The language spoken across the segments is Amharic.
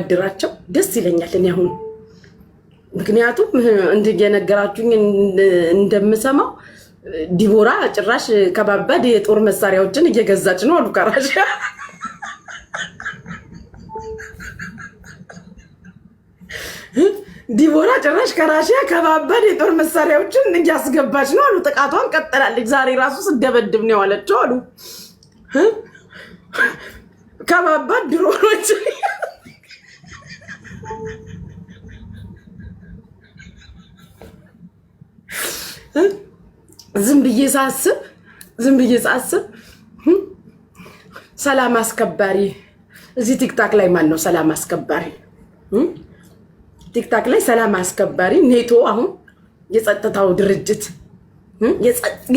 አድራቸው ደስ ይለኛል። እኔ አሁን ምክንያቱም እንደየነገራችሁኝ እንደምሰማው ዲቦራ ጭራሽ ከባባድ የጦር መሳሪያዎችን እየገዛች ነው አሉ ከራሽ ዲቦራ ጭራሽ ከራሽያ ከባባድ የጦር መሳሪያዎችን እያስገባች ነው አሉ። ጥቃቷን ቀጥላለች። ዛሬ ራሱ ስደበድብ ነው የዋለችው አሉ ከባባድ ድሮኖች ዝም ብዬ ሳስብ ዝም ብዬ ሳስብ ሰላም አስከባሪ እዚህ ቲክታክ ላይ ማን ነው ሰላም አስከባሪ? ቲክታክ ላይ ሰላም አስከባሪ ኔቶ አሁን የጸጥታው ድርጅት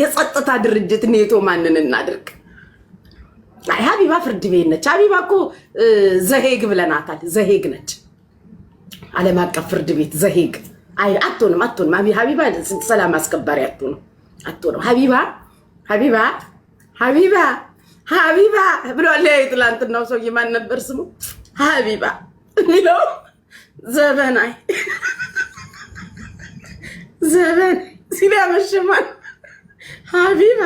የጸጥታ ድርጅት ኔቶ ማንን እናድርግ? አይ ሀቢባ ፍርድ ቤት ነች። ሀቢባ እኮ ዘሄግ ብለናታል። ዘሄግ ነች፣ ዓለም አቀፍ ፍርድ ቤት ዘሄግ አይ አትሆንም፣ አትሆንም። ሀቢባ ሰላም አስከባሪ አትሆንም፣ አትሆንም። ሀቢባ ሀቢባ ሀቢባ ሀቢባ ብሏል። ትላንትናው ሰውዬ ማን ነበር ስሙ? ሀቢባ የሚለው ዘበናይ ዘበን ሲል ያመሸማል። ሀቢባ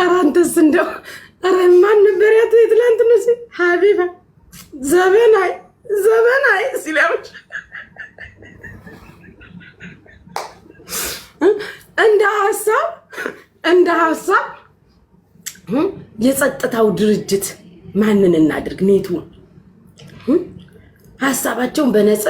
ኧረ አንተስ እንደው ኧረ ማን ነበር ያቱ የትላንት ሀቢባ ዘበናይ ዘመናዊ ሲለምድ እንደ ሀሳብ እንደ ሀሳብ የጸጥታው ድርጅት ማንን እናድርግ? ኔቱ ሀሳባቸውን በነጸ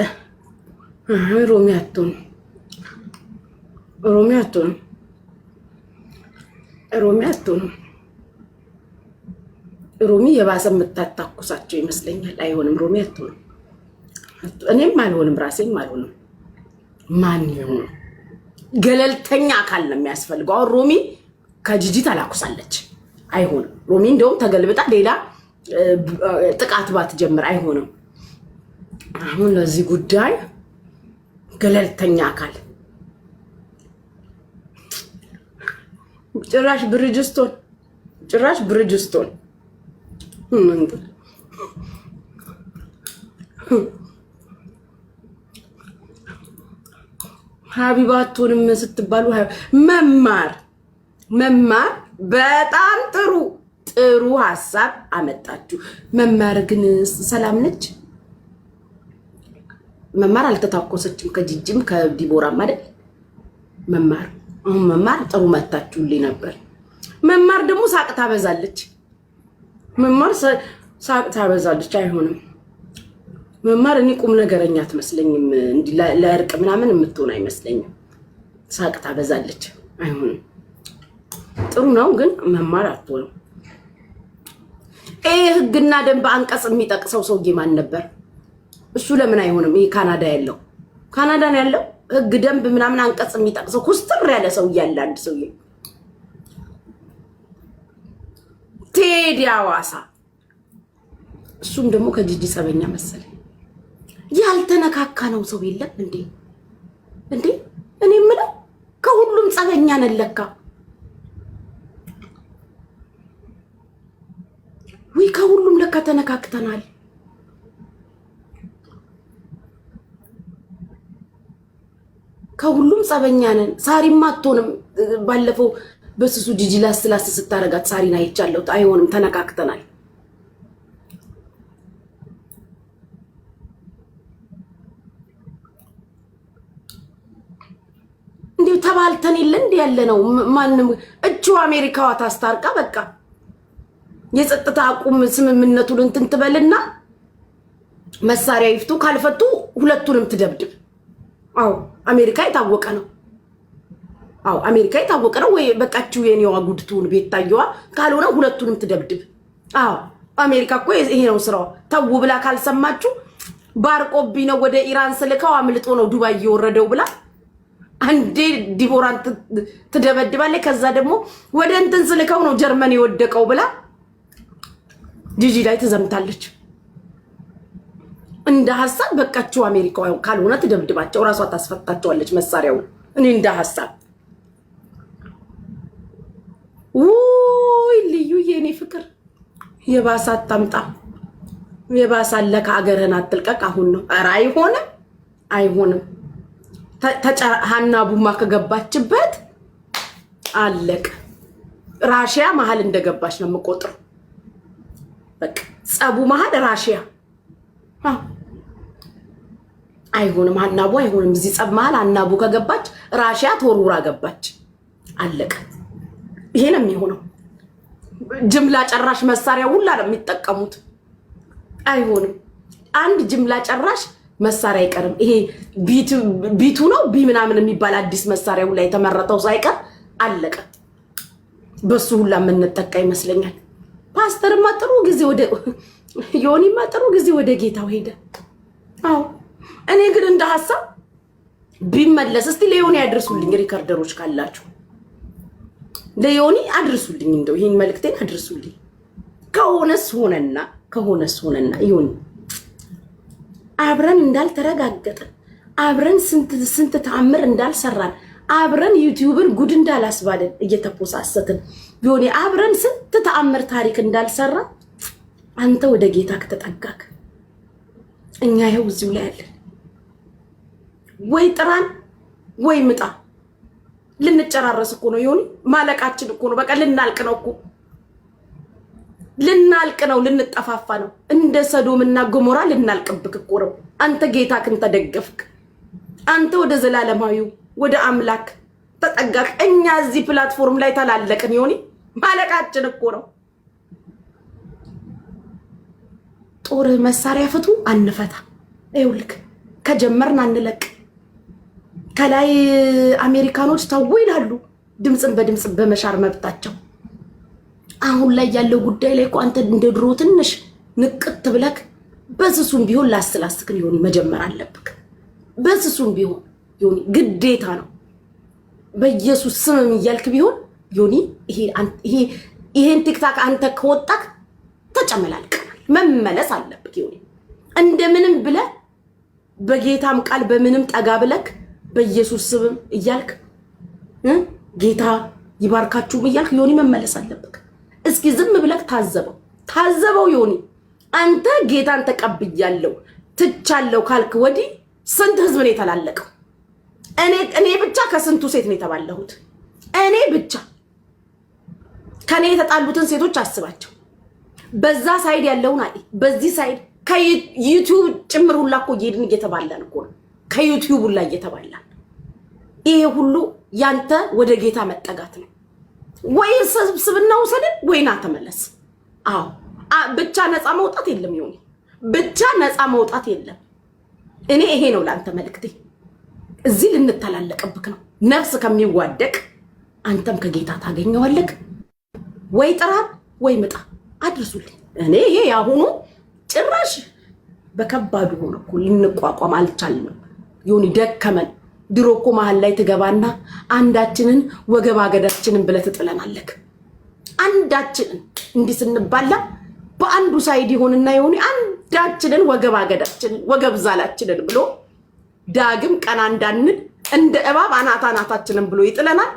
ሮሚ የባሰ የምታታኩሳቸው ይመስለኛል። አይሆንም፣ ሮሚ እኔም አልሆንም፣ ራሴም አልሆንም። ማን ይሁን ገለልተኛ አካል ነው የሚያስፈልገው። አሁን ሮሚ ከጂጂ ተላኩሳለች፣ አይሆንም። ሮሚ እንደውም ተገልብጣ ሌላ ጥቃት ባትጀምር አይሆንም። አሁን ለዚህ ጉዳይ ገለልተኛ አካል ጭራሽ ብርጅስቶን ጭራሽ ብርጅስቶን ሀቢባ አትሆንም ስትባሉ መማር መማር በጣም ጥሩ ጥሩ ሀሳብ አመጣችሁ። መማር ግን ሰላም ነች። መማር አልተታኮሰችም ከጅጅም ከዲቦራም አይደል? መማር አሁን መማር ጥሩ መታችሁልኝ ነበር። መማር ደግሞ ሳቅ ታበዛለች። መማር ሳቅ ታበዛለች። አይሆንም። መማር እኔ ቁም ነገረኛ አትመስለኝም። እንዲህ ለእርቅ ምናምን የምትሆን አይመስለኝም። ሳቅ ታበዛለች። አይሆንም። ጥሩ ነው ግን መማር አትሆንም። ይህ ህግና ደንብ አንቀጽ የሚጠቅሰው ሰውዬ ማን ነበር? እሱ ለምን አይሆንም? ይህ ካናዳ ያለው ካናዳ ያለው ህግ ደንብ ምናምን አንቀጽ የሚጠቅሰው ኩስትር ያለ ሰው እያለ አንድ ሰውዬ ቴዲ አዋሳ፣ እሱም ደግሞ ከጂጂ ጸበኛ መሰለኝ ያልተነካካ ነው ሰው የለም እንዴ? እንዴ እኔ የምለው ከሁሉም ጸበኛ ነን ለካ። ውይ ከሁሉም ለካ ተነካክተናል። ከሁሉም ጸበኛ ነን። ሳሪማ አትሆንም። ባለፈው በስሱ ጂጂ ላስ ላስ ስታረጋት ሳሪን አይቻለሁ። አይሆንም፣ ተነካክተናል። መተን የለ እንዲ ያለ ነው። ማንም እቹ አሜሪካዋ ታስታርቃ በቃ የጸጥታ አቁም ስምምነቱን እንትን ትበልና መሳሪያ ይፍቱ፣ ካልፈቱ ሁለቱንም ትደብድብ። አዎ አሜሪካ የታወቀ ነው። አዎ አሜሪካ የታወቀ ነው። ወይ በቃችሁ የኔዋ ጉድቱን ቤት ታየዋ። ካልሆነ ሁለቱንም ትደብድብ። አዎ አሜሪካ እኮ ይሄ ነው ስራዋ። ተው ብላ ካልሰማችሁ ባርቆቢ ነው ወደ ኢራን ስልከው አምልጦ ነው ዱባይ እየወረደው ብላ አንዴ ዲቦራን ትደበድባለች። ከዛ ደግሞ ወደ እንትን ስልከው ነው ጀርመን የወደቀው ብላ ጂጂ ላይ ትዘምታለች። እንደ ሀሳብ በቃችው። አሜሪካ ካልሆነ ትደብድባቸው እራሷ ታስፈታቸዋለች መሳሪያውን። እኔ እንደ ሀሳብ ውይ ልዩ የእኔ ፍቅር የባሳ አታምጣ፣ የባሳ አለ ከአገርህን አትልቀቅ። አሁን ነው ኧረ አይሆንም፣ አይሆንም ሀና ቡማ ከገባችበት አለቀ። ራሽያ መሀል እንደገባች ነው የምቆጥረው። በቃ ጸቡ መሀል ራሽያ አይሆንም። ሀናቡ አይሆንም። እዚህ ጸብ መሀል ሀናቡ ከገባች ራሽያ ተወርውራ ገባች። አለቀ። ይሄ ነው የሚሆነው። ጅምላ ጨራሽ መሳሪያ ሁላ ነው የሚጠቀሙት። አይሆንም። አንድ ጅምላ ጨራሽ መሳሪያ አይቀርም። ይሄ ቢቱ ነው ቢ ምናምን የሚባል አዲስ መሳሪያው ላይ የተመረጠው ሳይቀር አለቀ። በሱ ሁላ የምንጠቃ ይመስለኛል። ፓስተርማ ጥሩ ጊዜ ወደ ዮኒማ ጥሩ ጊዜ ወደ ጌታው ሄደ። አዎ እኔ ግን እንደ ሀሳብ ቢመለስ እስቲ ለዮኒ ያድርሱልኝ፣ ሪከርደሮች ካላችሁ ለዮኒ አድርሱልኝ፣ እንደው ይህን መልክቴን አድርሱልኝ። ከሆነስ ሆነና ከሆነስ ሆነና ይሁን። አብረን እንዳልተረጋገጥን አብረን ስንት ተአምር እንዳልሰራን አብረን ዩቲዩብን ጉድ እንዳላስባልን እየተፖሳሰትን ቢሆን አብረን ስንት ተአምር ታሪክ እንዳልሰራ አንተ ወደ ጌታ ከተጠጋክ እኛ ይኸው እዚሁ ላይ ያለን ወይ ጥራን ወይ ምጣ። ልንጨራረስ እኮ ነው ይሁን ማለቃችን እኮ ነው። በቃ ልናልቅ ነው እኮ ልናልቅ ነው፣ ልንጠፋፋ ነው። እንደ ሰዶምና ገሞራ ልናልቅብክ እኮ ነው። አንተ ጌታክን ተደገፍክ። አንተ ወደ ዘላለማዊው ወደ አምላክ ተጠጋክ። እኛ እዚህ ፕላትፎርም ላይ ተላለቅን። ይሆኒ ማለቃችን እኮ ነው። ጦር መሳሪያ ፍቱ አንፈታ። ይኸውልህ ከጀመርን አንለቅ። ከላይ አሜሪካኖች ተው ይላሉ፣ ድምፅን በድምፅ በመሻር መብታቸው አሁን ላይ ያለው ጉዳይ ላይ እኮ አንተ እንደ ድሮ ትንሽ ንቅት ብለክ በስሱም ቢሆን ላስላስክን ዮኒ መጀመር አለብክ። በስሱም ቢሆን ዮኒ ግዴታ ነው። በኢየሱስ ስምም እያልክ ቢሆን ዮኒ ይሄን ቲክታክ አንተ ከወጣክ ተጨመላልቀናል። መመለስ አለብክ ዮኒ እንደምንም ብለ በጌታም ቃል በምንም ጠጋ ብለክ በኢየሱስ ስምም እያልክ ጌታ ይባርካችሁም እያልክ ዮኒ መመለስ አለብክ። እስኪ ዝም ብለህ ታዘበው ታዘበው ዮኒ አንተ ጌታን ተቀብያለሁ ትቻለሁ ካልክ ወዲህ ስንት ህዝብ ነው የተላለቀው? እኔ ብቻ ከስንቱ ሴት ነው የተባለሁት? እኔ ብቻ ከኔ የተጣሉትን ሴቶች አስባቸው። በዛ ሳይድ ያለውን አይ በዚህ ሳይድ ከዩቲዩብ ጭምር ሁላ እኮ እየሄድን እየተባላን እኮ ነው። ከዩቲዩብ ሁላ እየተባላን ይሄ ሁሉ ያንተ ወደ ጌታ መጠጋት ነው። ወይ ስብስብና ውሰድን ወይና ተመለስ። አዎ ብቻ ነፃ መውጣት የለም። ይሁን ብቻ ነፃ መውጣት የለም። እኔ ይሄ ነው ለአንተ መልእክቴ። እዚህ ልንተላለቅብክ ነው። ነፍስ ከሚዋደቅ አንተም ከጌታ ታገኘዋለክ። ወይ ጥራት ወይ ምጣ አድርሱልኝ። እኔ ይሄ ያሁኑ ጭራሽ በከባዱ ሆነ እኮ ልንቋቋም አልቻልንም። ይሁን ደከመን። ድሮ እኮ መሀል ላይ ትገባና አንዳችንን ወገብ አገዳችንን ብለህ ትጥለናለህ። አንዳችንን እንዲህ ስንባላ በአንዱ ሳይድ ይሆንና የሆኑ አንዳችንን ወገብ አገዳችንን ወገብ ዛላችንን ብሎ ዳግም ቀና እንዳንን እንደ እባብ አናት አናታችንን ብሎ ይጥለናል።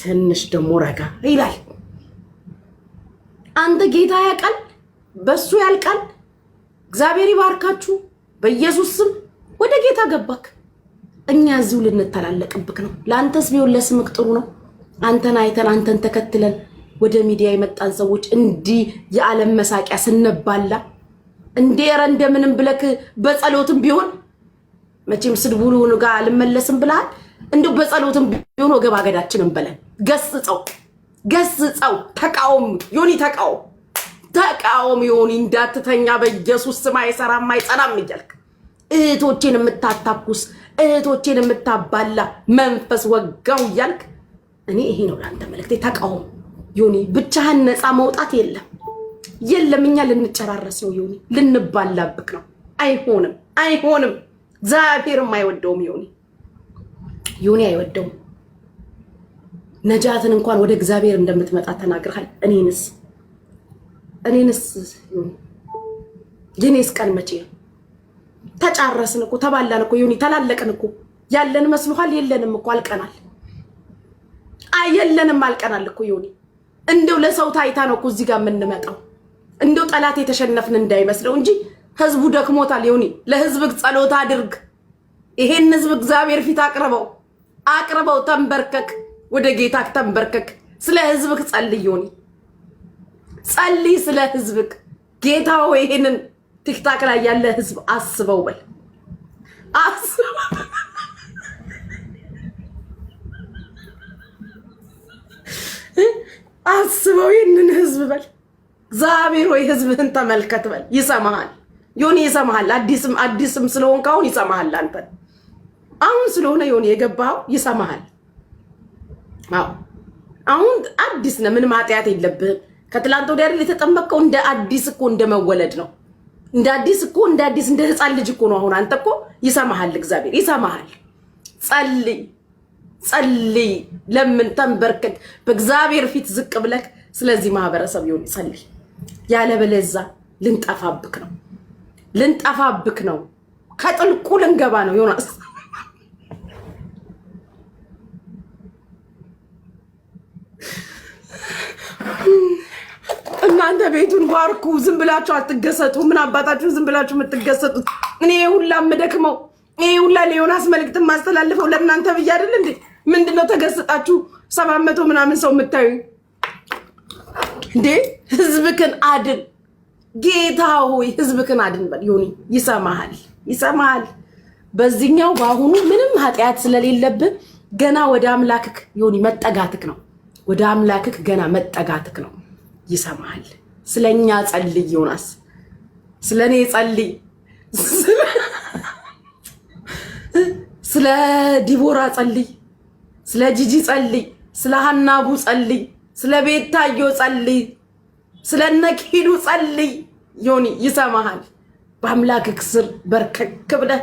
ትንሽ ደግሞ ረጋ ይላል። አንተ ጌታ ያውቃል፣ በሱ ያልቃል። እግዚአብሔር ይባርካችሁ። በኢየሱስ ስም ወደ ጌታ ገባክ። እኛ እዚሁ ልንተላለቅብክ ነው። ለአንተስ ቢሆን ለስምክ ጥሩ ነው። አንተን አይተን አንተን ተከትለን ወደ ሚዲያ የመጣን ሰዎች እንዲህ የዓለም መሳቂያ ስንባላ እንዴ ኧረ እንደምንም ብለክ በጸሎትም ቢሆን መቼም ስድቡሉ ጋር አልመለስም ብለሃል። እንዲ በጸሎትም ቢሆን ወገብ አገዳችንን በለን ገስጸው፣ ገስጸው፣ ተቃውም ዮኒ ተቃውም ተቃውም ዮኒ እንዳትተኛ በኢየሱስ ስም አይሰራም አይጸናም እያልክ እህቶቼን የምታታኩስ እህቶቼን የምታባላ መንፈስ ወጋው እያልክ እኔ ይሄ ነው ለአንተ መልእክቴ። ተቃውም ዮኒ፣ ብቻህን ነፃ መውጣት የለም የለም። እኛ ልንጨራረስ ነው ዮኒ፣ ልንባላብቅ ነው። አይሆንም፣ አይሆንም። እግዚአብሔርም አይወደውም ዮኒ፣ ዮኒ አይወደውም። ነጃትን እንኳን ወደ እግዚአብሔር እንደምትመጣ ተናግረሃል። እኔንስ እኔንስ የኔስ ቀን መቼ ነው? ተጫረስን እኮ ተባላን እኮ ዮኒ ተላለቅን እኮ ያለን መስሎሃል? የለንም እኮ አልቀናል። አየለንም የለንም አልቀናል እኮ ዮኒ። እንደው ለሰው ታይታ ነው እኮ እዚህ ጋር የምንመጣው፣ እንደው ጠላት የተሸነፍን እንዳይመስለው እንጂ ህዝቡ ደክሞታል። ዮኒ ለህዝብ ጸሎት አድርግ። ይሄን ህዝብ እግዚአብሔር ፊት አቅርበው አቅርበው፣ ተንበርከክ፣ ወደ ጌታ ተንበርከክ። ስለ ህዝብክ ጸልይ ዮኒ፣ ጸልይ ስለ ህዝብክ ጌታው ይሄንን ቲክታክ ላይ ያለ ህዝብ አስበው በል አስበው ይህንን ህዝብ በል እግዚአብሔር ወይ ህዝብህን ተመልከት በል ይሰማሃል ዮኒ ይሰማሃል አዲስም አዲስም ስለሆንክ አሁን ይሰማሃል አንተን አሁን ስለሆነ ዮኒ የገባኸው ይሰማሃል አዎ አሁን አዲስ ነህ ምንም ኃጢአት የለብህም ከትላንት ወዲያ አይደል የተጠመቅከው እንደ አዲስ እኮ እንደ መወለድ ነው እንደ አዲስ እኮ እንደ አዲስ እንደ ህፃን ልጅ እኮ ነው። አሁን አንተ እኮ ይሰማሃል፣ እግዚአብሔር ይሰማሃል። ጸልይ ጸልይ፣ ለምን ተንበርከክ፣ በእግዚአብሔር ፊት ዝቅ ብለክ ስለዚህ ማህበረሰብ ይሁን ጸልይ። ያለበለዛ ልንጠፋብክ ነው፣ ልንጠፋብክ ነው፣ ከጥልቁ ልንገባ ነው ዮናስ። እናንተ ቤቱን ባርኩ። ዝም ብላችሁ አትገሰጡ። ምን አባታችሁ ዝም ብላችሁ የምትገሰጡት? እኔ ሁላ የምደክመው ይሄ ሁላ ለዮናስ መልእክት ማስተላልፈው ለእናንተ ብዬ አይደል እንዴ? ምንድነው ተገስጣችሁ ሰባት መቶ ምናምን ሰው የምታዩ እንዴ? ህዝብክን አድን ጌታ ሆይ ህዝብክን አድን በል። ዮኒ ይሰማሃል፣ ይሰማሃል። በዚህኛው በአሁኑ ምንም ኃጢአት ስለሌለብህ ገና ወደ አምላክክ ዮኒ መጠጋትክ ነው። ወደ አምላክክ ገና መጠጋትክ ነው። ይሰማሃል። ስለ እኛ ጸልይ፣ ዮናስ ስለ እኔ ጸልይ፣ ስለ ዲቦራ ጸልይ፣ ስለ ጂጂ ጸልይ፣ ስለ ሀናቡ ጸልይ፣ ስለ ቤታዮ ጸልይ፣ ስለ ነኪሉ ጸልይ። ዮኒ ይሰማሃል። በአምላክ ስር በርከክ ብለህ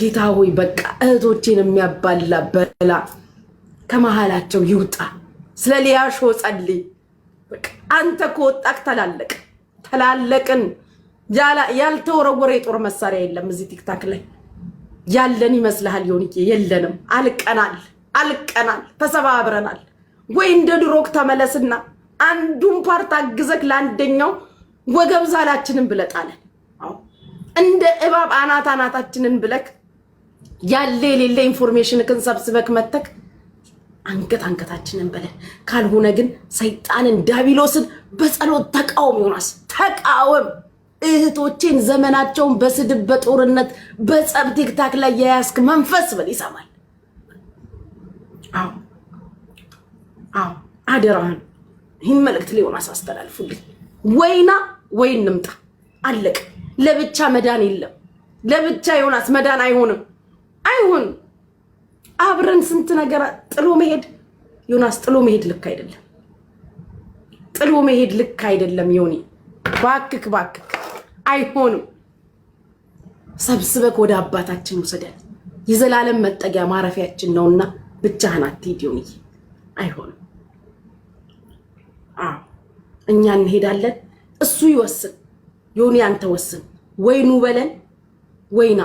ጌታ ሆይ በቃ እህቶቼን የሚያባላ በላ ከመሃላቸው ይውጣ። ስለ ሊያሾ ጸልይ። አንተ ከወጣክ ተላለቅ ተላለቅን። ያልተወረወረ የጦር መሳሪያ የለም እዚህ ቲክታክ ላይ ያለን ይመስልሃል? ሆንዬ የለንም። አልቀናል አልቀናል፣ ተሰባብረናል። ወይ እንደ ድሮክ ተመለስና አንዱን ፓርት አግዘክ ለአንደኛው ወገብ ዛላችንን ብለጣለን እንደ እባብ አናት አናታችንን ብለክ ያለ የሌለ ኢንፎርሜሽንክን ሰብስበክ መተክ አንገት አንገታችንን በለን። ካልሆነ ግን ሰይጣንን ዳቢሎስን በጸሎት ተቃወም። ዮናስ ተቃወም። እህቶቼን ዘመናቸውን በስድብ በጦርነት በጸብ ቲክታክ ላይ የያዝክ መንፈስ በል ይሰማል። አዎ አዎ፣ አደራህን ይህን መልእክት ለዮናስ አስተላልፉልኝ። ወይና ወይ እንምጣ አለቅ። ለብቻ መዳን የለም። ለብቻ ዮናስ መዳን አይሆንም፣ አይሆንም። አብረን ስንት ነገር ጥሎ መሄድ ዮናስ፣ ጥሎ መሄድ ልክ አይደለም። ጥሎ መሄድ ልክ አይደለም። ዮኒ ባክክ ባክክ፣ አይሆንም። ሰብስበክ ወደ አባታችን ውሰዳል። የዘላለም መጠጊያ ማረፊያችን ነውና ብቻህን አትሂድ ዮኒዬ፣ አይሆንም። እኛ እንሄዳለን። እሱ ይወስን ዮኒ፣ አንተ ወስን። ወይኑ በለን ወይና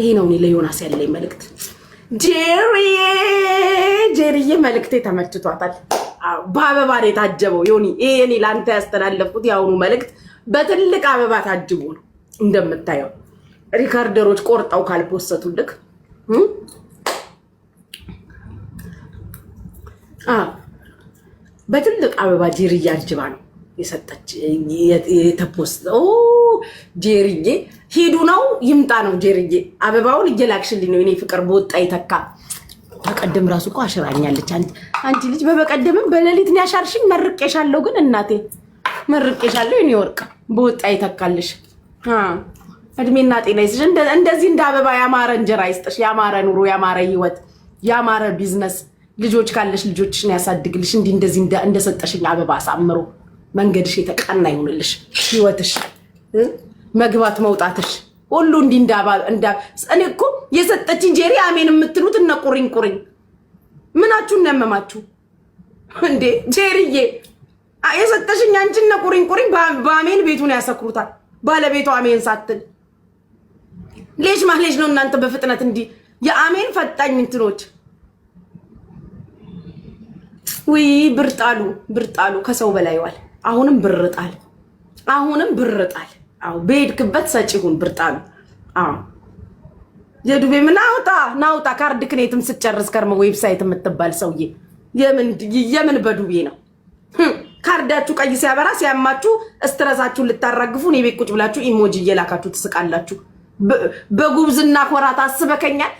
ይሄ ነው እኔ ለዮናስ ያለኝ መልእክት። ጄሪዬ ጄሪዬ መልእክቴ ተመችቷታል። በአበባ ነው የታጀበው። ዮኒ ይሄ እኔ ለአንተ ያስተላለፍኩት የአሁኑ መልእክት በትልቅ አበባ ታጅቦ ነው እንደምታየው። ሪካርደሮች ቆርጠው ካልፖሰቱልክ በትልቅ አበባ ጄሪዬ አጅባ ነው የሰጠች የተፖስተው ጄርዬ ነው ይምጣ ነው። ጄርዬ አበባውን እየላክሽልኝ ነው የኔ ፍቅር በወጣ ይተካ። በቀደም ራሱ እኮ አሽራኛለች አንቺ ልጅ። በበቀደምም በሌሊት ነው ያሻርሽኝ። መርቄሻለሁ ግን እናቴ መርቄሻለሁ የኔ ወርቅ በወጣ ይተካልሽ። እድሜና ጤና ይስጥሽ። እንደዚህ እንደ አበባ ያማረ እንጀራ ይስጥሽ። ያማረ ኑሮ፣ ያማረ ህይወት፣ ያማረ ቢዝነስ ልጆች ካለሽ ልጆችሽን ያሳድግልሽ። እንዲህ እንደዚህ እንደሰጠሽኝ አበባ አሳምሮ መንገድሽ የተቃና ይሁንልሽ፣ ህይወትሽ፣ መግባት መውጣትሽ ሁሉ እንዲህ እንዳ እኔ እኮ የሰጠች እንጀሪ አሜን የምትሉት እነ ቁሪኝ ቁሪኝ ምናችሁ እናመማችሁ እንዴ ጄሪዬ የሰጠሽኝ አንቺ እነ ቁሪኝ ቁሪኝ በአሜን ቤቱን ያሰክሩታል። ባለቤቱ አሜን ሳትል ሌሽ ማሌሽ ነው እናንተ በፍጥነት እንዲህ የአሜን ፈጣኝ እንትኖች ውይ ብርጣሉ ብርጣሉ ከሰው በላይ ዋል አሁንም ብርጣል፣ አሁንም ብርጣል። አዎ በሄድክበት ሰጪ ሁን ብርጣሉ። አዎ የዱቤ ምን አውጣ ናውጣ ካርድ ክኔትም ስጨርስ ከርመ ዌብሳይት የምትባል ሰውዬ የምን በዱቤ ነው ካርዳችሁ ቀይ ሲያበራ ሲያማችሁ እስትረሳችሁን ልታራግፉ እኔ ቤት ቁጭ ብላችሁ ኢሞጂ እየላካችሁ ትስቃላችሁ። በጉብዝና ኮራ አስበከኛል።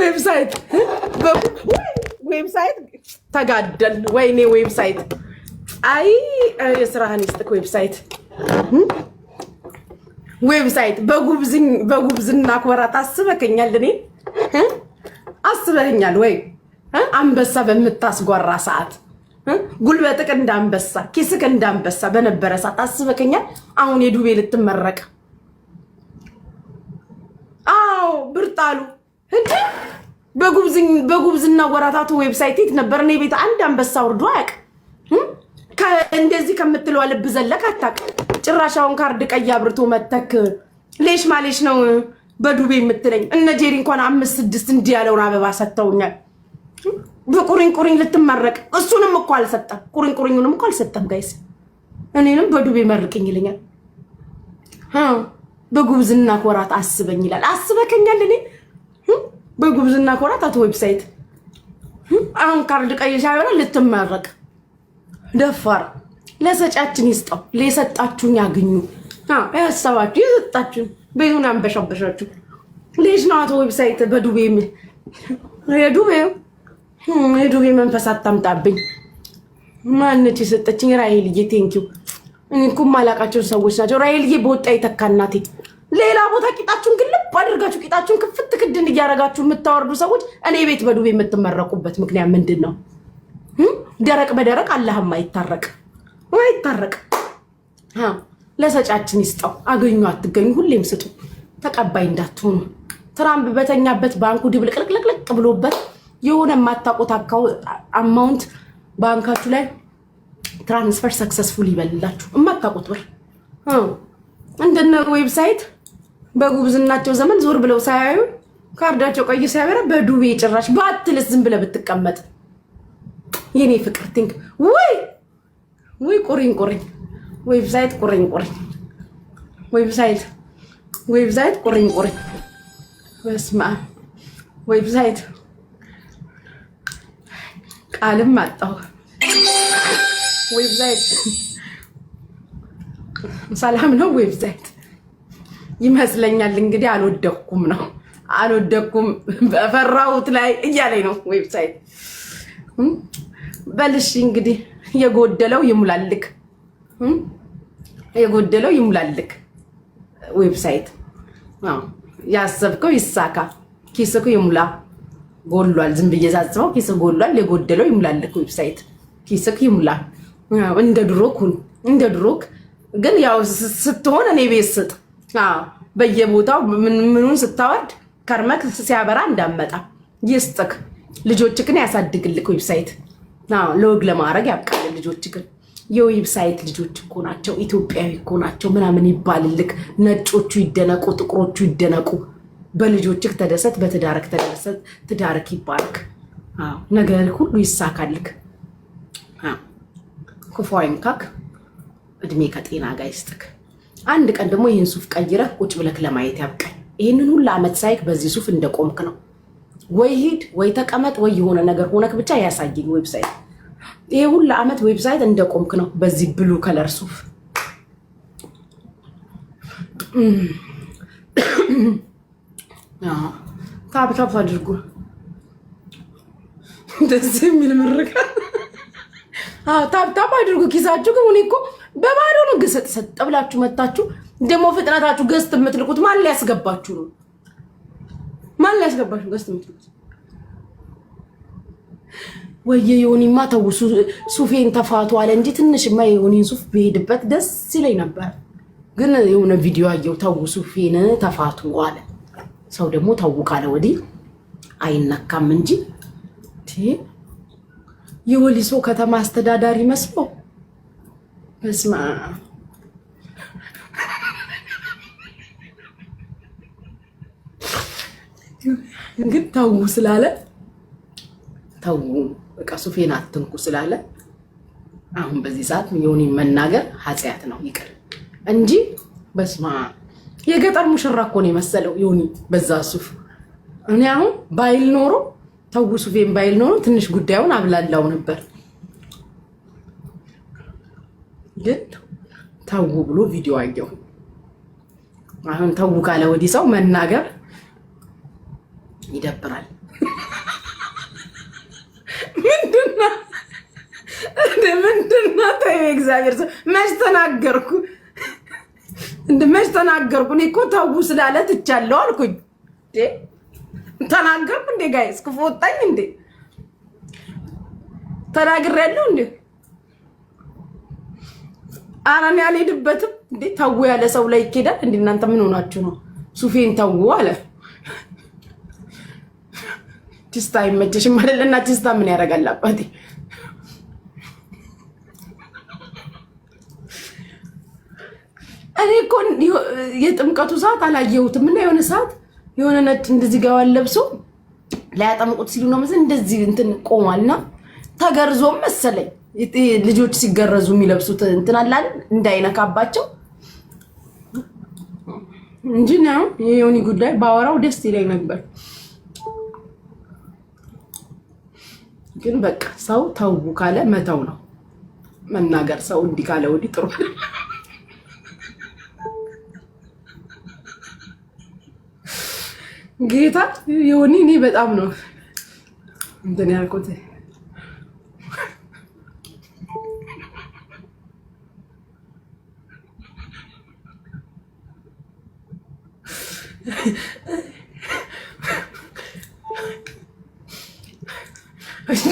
ዌብሳይት ዌብሳይት ተጋደል። ወይኔ ዌብሳይት አይ የስራህን ይስጥክ። ዌብሳይት ዌብሳይት በጉብዝና ኮራት አስበከኛል። እኔ አስበኸኛል ወይ አንበሳ በምታስጓራ ሰዓት ጉልበትክ እንዳንበሳ ኪስክ እንዳንበሳ በነበረ ሰዓት አስበከኛል። አሁን የዱቤ ልትመረቅ አዎ ብርጣሉ እንዴ በጉብዝና ወራታቱ ዌብሳይት የት ነበር? እኔ ቤት አንድ አንበሳ ወርዶ አያውቅ። እንደዚህ ከምትለዋ ልብ ዘለቅ አታውቅ። ጭራሻውን ካርድ ቀይ አብርቶ መተክ ሌሽ ማሌሽ ነው በዱቤ የምትለኝ። እነ ጄሪ እንኳን አምስት ስድስት እንዲህ ያለውን አበባ ሰጥተውኛል። በቁሪኝ ቁሪኝ ልትመረቅ እሱንም እኮ አልሰጠም። ቁሪኝ ቁሪኙንም እኮ አልሰጠም። ጋይስ እኔንም በዱቤ መርቅኝ ይለኛል። በጉብዝና ወራት አስበኝ ይላል። አስበከኛል እኔ በጉብዝና ኮራት አቶ ዌብሳይት አሁን ካርድ ቀይሻ ሳይሆን ልትመረቅ ደፋር ለሰጫችን ይስጠው፣ ለሰጣችሁን ያግኙ። ያሰባችሁ የሰጣችሁን በይሁን አንበሻበሻችሁ። ልጅ ነው አቶ ዌብሳይት በዱቤ የዱቤ የዱቤ መንፈስ አታምጣብኝ። ማነች የሰጠችኝ? ራሄልዬ ቴንኪው። እኔ እኮ የማላቃቸውን ሰዎች ናቸው። ራሄልዬ በወጣ የተካ እናቴ ሌላ ቦታ ቂጣችሁን ግልብ አድርጋችሁ ቂጣችሁን ክፍት ክድን እያደረጋችሁ የምታወርዱ ሰዎች እኔ ቤት በዱቤ የምትመረቁበት ምክንያት ምንድን ነው? ደረቅ በደረቅ አላህም አይታረቅ አይታረቅ። ለሰጫችን ይስጠው። አገኙ አትገኙ፣ ሁሌም ስጡ። ተቀባይ እንዳትሆኑ። ትራምፕ በተኛበት ባንኩ ድብልቅልቅልቅ ብሎበት የሆነ የማታውቁት አማውንት ባንካችሁ ላይ ትራንስፈር ሰክሰስፉል ይበልላችሁ። የማታውቁት ብር እንደነ ዌብሳይት በጉብዝናቸው ዘመን ዞር ብለው ሳያዩ ካርዳቸው ቀይ ሳያበራ በዱቤ ጭራሽ በአትልስ ዝም ብለህ ብትቀመጥ የኔ ፍቅር ቲንክ ወይ ወይ ቁሪኝ ቁሪኝ ዌብሳይት ቁሪኝ ቁሪኝ ዌብሳይት ዌብሳይት ቁሪኝ ቁሪኝ በስመ አብ ዌብሳይት ቃልም አጣሁ። ዌብሳይት ሰላም ነው ዌብሳይት ይመስለኛል እንግዲህ አልወደኩም ነው አልወደኩም በፈራሁት ላይ እያለኝ ነው ዌብሳይት በልሽ እንግዲህ የጎደለው ይሙላልክ የጎደለው ይሙላልክ ዌብሳይት ያሰብከው ይሳካ ኪስኩ ይሙላ ጎሏል ዝም ብዬ ሳስበው ኪስ ጎሏል የጎደለው ይሙላልክ ዌብሳይት ኪስክ ይሙላ እንደ ድሮክ ሁን እንደ ድሮክ ግን ያው ስትሆን እኔ ቤት ስጥ በየቦታው ምኑን ስታወርድ ከርመክ ሲያበራ እንዳመጣ ይስጥክ። ልጆችክን ያሳድግልክ። ዌብሳይት ለወግ ለማድረግ ያብቃል። ልጆችክን የዌብሳይት ልጆች እኮ ናቸው፣ ኢትዮጵያዊ እኮ ናቸው ምናምን ይባልልክ። ነጮቹ ይደነቁ፣ ጥቁሮቹ ይደነቁ። በልጆችክ ተደሰት፣ በትዳርክ ተደሰት። ትዳርክ ይባልክ ነገር ሁሉ ይሳካልክ። ክፉ አይንካክ፣ እድሜ ከጤና ጋር ይስጥክ። አንድ ቀን ደግሞ ይህን ሱፍ ቀይረህ ቁጭ ብለህ ለማየት ያብቃኝ። ይህንን ሁሉ ዓመት ሳይክ በዚህ ሱፍ እንደቆምክ ነው። ወይ ሂድ፣ ወይ ተቀመጥ፣ ወይ የሆነ ነገር ሆነክ ብቻ ያሳየኝ ዌብሳይት። ይሄ ሁሉ ዓመት ዌብሳይት እንደቆምክ ነው በዚህ ብሉ ከለር ሱፍ። ታብታብ አድርጉ። ደስ የሚል ምርቃት ታብታብ አድርጉ ኪሳችሁ። ግን እኔ እኮ በባዶ ነው። ግሰጥ ሰጥ ሰጥ ብላችሁ መታችሁ ደግሞ ፍጥነታችሁ ገዝት የምትልቁት ማን ላይ ያስገባችሁ ነው? ማን ላይ ያስገባችሁ ገዝት የምትልቁት? ወየ የሆኒማ ተው ሱፌን ተፋቱ አለ እንጂ ትንሽማ የሆኒን ሱፍ ብሄድበት ደስ ይለኝ ነበር። ግን የሆነ ቪዲዮ አየው ተው ሱፌን ተፋቱ አለ። ሰው ደግሞ ተው ካለ ወዲህ አይነካም እንጂ የወሊሶ ከተማ አስተዳዳሪ መስሎ በስማ ግን ተው ስላለ ተው በቃ ሱፌን አትንኩ ስላለ አሁን በዚህ ሰዓት የሆነ መናገር ኃጢአት ነው ይቅር እንጂ በስማ የገጠር ሙሽራ እኮ ነው የመሰለው የሆነ በዛ ሱፍ እኔ አሁን ባይል ኖሮ ተውሱ ፌም ባይል ኖሮ ትንሽ ጉዳዩን አብላላው ነበር፣ ግን ተው ብሎ ቪዲዮ አየው። አሁን ተው ካለ ወዲህ ሰው መናገር ይደብራል። ምንድና ተይው፣ እግዚአብሔር ሰው መች ተናገርኩ እንደ መች ተናገርኩ። እኔ እኮ ተው ስላለ ትቻለሁ አልኩኝ። ተናገርኩ እንዴ? ጋይስ ክፉ ወጣኝ እንዴ? ተናግሬያለሁ እንዴ? ኧረ እኔ አልሄድበትም እንዴ? ተው ያለ ሰው ላይ ይኬዳል እንዴ? እናንተ ምን ሆናችሁ ነው? ሱፌን ተው አለ። ቲስታ አይመቸሽም አይደል? እና ቲስታ ምን ያደርጋል አባቴ እኔ እኮ የጥምቀቱ ሰዓት አላየሁትም እና የሆነ ሰዓት የሆነ ነጭ እንደዚህ ገባል ለብሶ ላያጠምቁት ሲሉ ነው መሰለኝ እንደዚህ እንትን ቆሟልና ተገርዞም መሰለኝ ልጆች ሲገረዙ የሚለብሱት እንትን አላል እንዳይነካባቸው እንጂ ነው የዮኒ ጉዳይ ባወራው ደስ ይለኝ ነበር። ግን በቃ ሰው ተው ካለ መተው ነው መናገር። ሰው እንዲህ ካለ ወዲህ ጥሩ ጌታ የሆነ እኔ በጣም ነው እንትን ያልኩት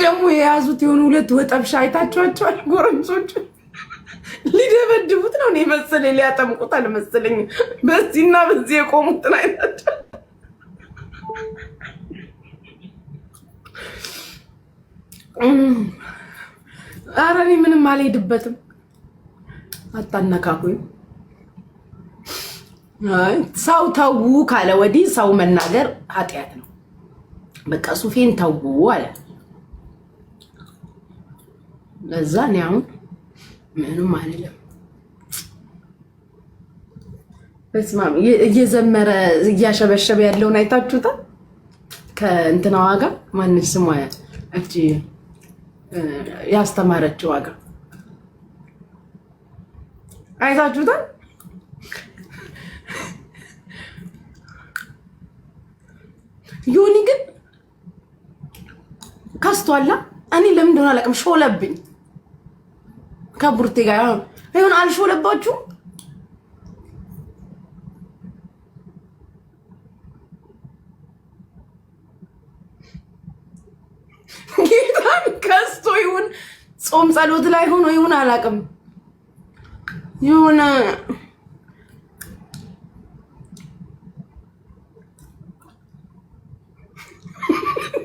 ደግሞ የያዙት የሆኑ ሁለት ወጠብሻ አይታችኋቸዋል። ጎረምሶች ሊደበድቡት ነው እኔ መሰለኝ፣ ሊያጠምቁት አልመሰለኝም። በዚህና በዚህ የቆሙትን አይታቸው ኧረ እኔ ምንም አልሄድበትም። አታነካኩኝ። ሰው ተው ካለ ወዲህ ሰው መናገር ኃጢአት ነው። በቃ ሱፌን ተው አለ። ለዛ እኔ አሁን ምንም አልልም። እየዘመረ እያሸበሸበ ያለውን አይታችሁታል? ከእንትናዋ ጋር ማንሽ ስሟ እጅ ያስተማረችው ሀገር አይታችሁታል። ዮኒ ግን ከስቷላ። እኔ ለምን እንደሆነ አላውቅም፣ ሾለብኝ ከቡርቴ ጋር ይሁን አልሾለባችሁም ጾም ጸሎት ላይ ሆኖ ይሁን አላውቅም፣ ይሁን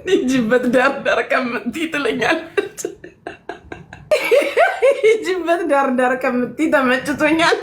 ሂጂበት ዳር ዳር ከምትይ ትለኛለች። ሂጂበት ዳር ዳር ከምትይ ተመችቶኛል።